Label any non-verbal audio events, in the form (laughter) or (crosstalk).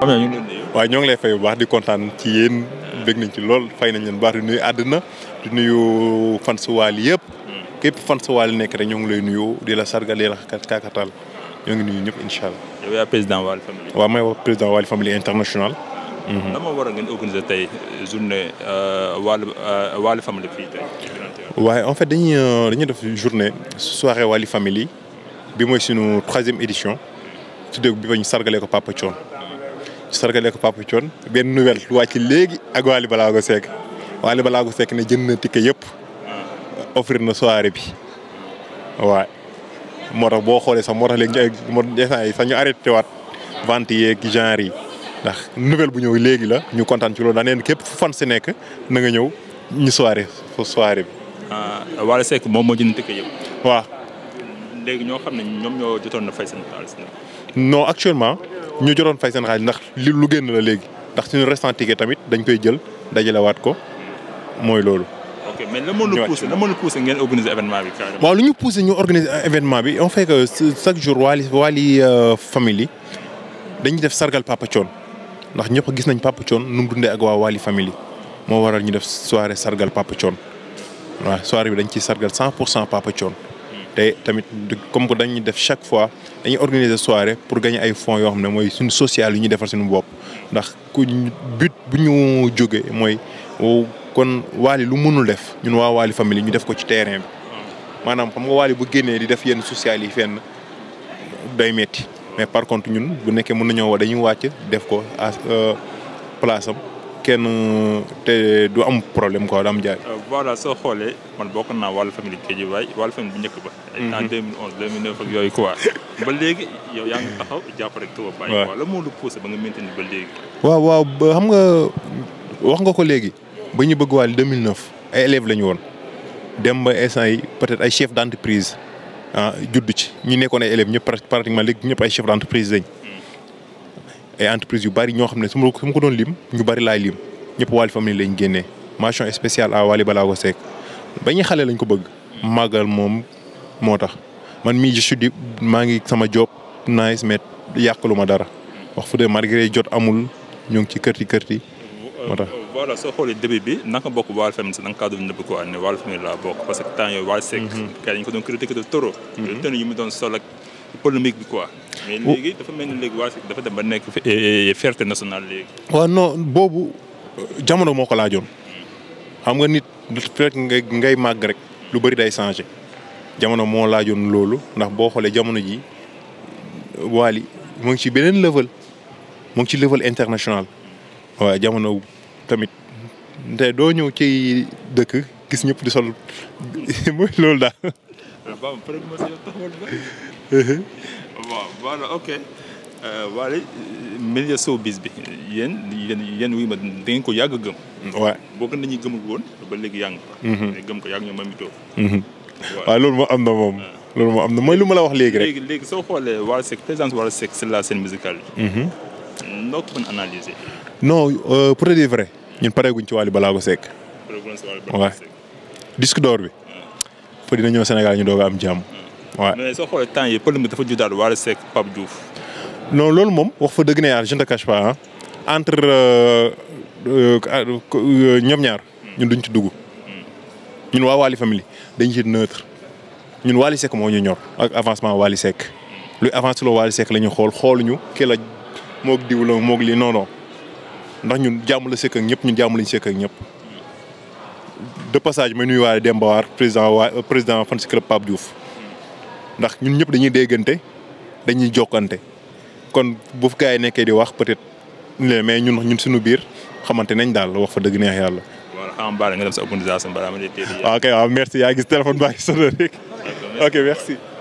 xam naa ñoo ngi lay fay bu di kontaan ci yéen. bëgg nañ ci lool fay nañ leen baax nuyu àddina nuyu fan su waal yëpp. Hmm. képp fan su waal nekk rek ñoo ngi lay nuyu di la sargal di la kàkkatal ñoo ngi nuyu ñëpp incha allah. président Wally Family. waaw may wax président Wally Family international. Hmm. lan moo waral ngeen organiser tey journée euh, Wally euh, Wally Family fii en fait dañuy euh, dañuy def journée soirée Wally Family bi mooy sunu troisième édition. su dee bi ba ñu sargalee ko Papa Thione. sargale ko Pape Thion benn nouvelle lu wàcc léegi ak Waly Balago Seck Waly Balago Seck ne jënd na ticket yëpp offrir na soirée bi waaw moo tax boo xoolee sax moo tax léegi ñu ay sax ñu arrêté waat vente yeeg genre yi ndax nouvelle bu ñëw léegi la ñu kontaan ci loolu képp fu fan si nekk na nga ñëw ñu soirée fu soirée bi. Ah, Waly Seck moom moo jënd ticket yëpp. waaw. léegi ñoo xam ne ñoom ñoo jotoon na fay seen actuellement. ñu joroon fay seen xaalis ndax li lu génn la léegi ndax suñu restant ticket tamit dañ koy jël dajalewaat ko mooy loolu. ok mais moo la poussé lan moo la poussé ngeen organiser événement bi carrément. waaw lu ñu poussé ñu organiser événement bi on fait que chaque jour Wally euh, famille dañuy def sargal Papa Thione ndax ñëpp gis nañ Papa Thione nu mu dundee ak waa Wally famille moo waral ñu def soirée sargal Papa Thione waaw soirée bi dañ ciy sargal cent pour 100 Papa Thione tey tamit comme que dañuy def chaque fois dañuy organiser soirée pour gagner ay fonds yoo xam ne mooy suñu social yi ñu defar suñu bopp ndax ku but bu ñu jógee mooy kon Wally lu mënul def ñun waa Wally famille ñu def ko ci terrain bi maanaam xam nga Wally bu génnee di def yenn social yi fenn day metti mais par contre ñun bu nekkee mën na nañoo dañuy wàcc def ko à euh, kenn te du am problème quoi daam jaay. Euh, voilà soo xoolee man bokk naa wàllu famille Guédiawaye wàllu famille bu njëkk ba. Mhm. en 2011 yooyu quoi. ba léegi yow yaa ngi taxaw jàpp rek taw a bàyyi. moo lu poussé ba nga maintenir ba léegi. waaw waaw ba xam nga wax nga ko léegi ba ñu bëgg waale 2009 ay élèves la ñu woon dem ba instant yi peut-être ay chef d'entreprise ah judd ci ñi nekkoon ay élèves ñëpp pratiquement léegi ñëpp ay chef d'entreprise lañ. ay entreprise yu bari ñoo xam ne su ma ko doon lim ñu bari laay lim ñëpp Wally Family lañ génnee mention spéciale à Wally Ballago Seck ba ñu xale lañ ko bëgg. màggal moom moo tax man mii je suis di maa ngi sama job nice mais yàqalu ma dara wax fu dee malgré jot amul ñoo ngi ci kërti kërti moo tax voilà soo xoolee début bi naka bokk Wally Family si da doon nëbb quoi ne Wally Family laa bokk parce que temps yooyu Wally Seck. Mhm. kay dañ ko doon critiqué de trop. Mhm. doon sol polémique bi quoi. mais dafa mel ni léegi waa dafa dem ba nekk eh, eh, eh, fierté nationale léegi. waaw non boobu euh, jamono moo ko laajoon. xam nga nit fekk ngay ngay màgg rek lu bëri day changé jamono moo laajoon loolu ndax boo xoolee jamono ji Wally mu ngi ci beneen level mu ngi ci level international. waa jamono tamit te doo ñëw ci dëkk gis ñëpp di sol (laughs) mooy loolu daal. Bam promotion taxul ba. waaw voilà ok. waale euh, bi yéen yéen yéen wuy ma da ngeen ko yàgg a gëm. waaw boo ko nit ba léegi yaa ngi ko. gëm ko yàgg ñoom Mamy mhm. ah, loolu moo am na moom. loolu moo am na mooy lu ma la wax léegi rek. léegi soo xoolee Wally Seck présence Wally Seck sur la scène musicale bi. Mhm. noo ko mën non euh, pour te dire vrai ñun pareeguñ ci Wally Ballago Seck. pareeguñ ci Wally Ballago Seck. bi. fa dina ñëw Sénégal ñu doog am jàmm. waaw mais soo xoolee temps yi problème bi dafa judd daal Wally Seck Pape Diouf. non loolu moom wax fa dëgg ne yàlla je ne te cache entre euh, euh, ñoom ñaar. ñun duñ ci dugg. ñun waa Wally famille dañ ci neutre ñun Wally Seck moo ñu ñor ak avancement Wally Seck luy avancé loo Wally Seck la ñu xool xooluñu ki la moog diw la moog lii non ndax ñun jàmm la sekk ñëpp ñu jàmm lañ sekk ñëpp. de passage may nuyu waale Demba War président waa euh, président fan Pape Diouf ndax ñun ñëpp dañuy déggante dañuy jokkante kon bu gaa yi nekkee di wax peut-être ne mais ñun ñun suñu biir xamante nañ daal wax fa dëgg neex yàlla. voilà nga dem a. Ah, ok waaw ah, merci yaa gis téléphone baa ngi sonné rek ok merci.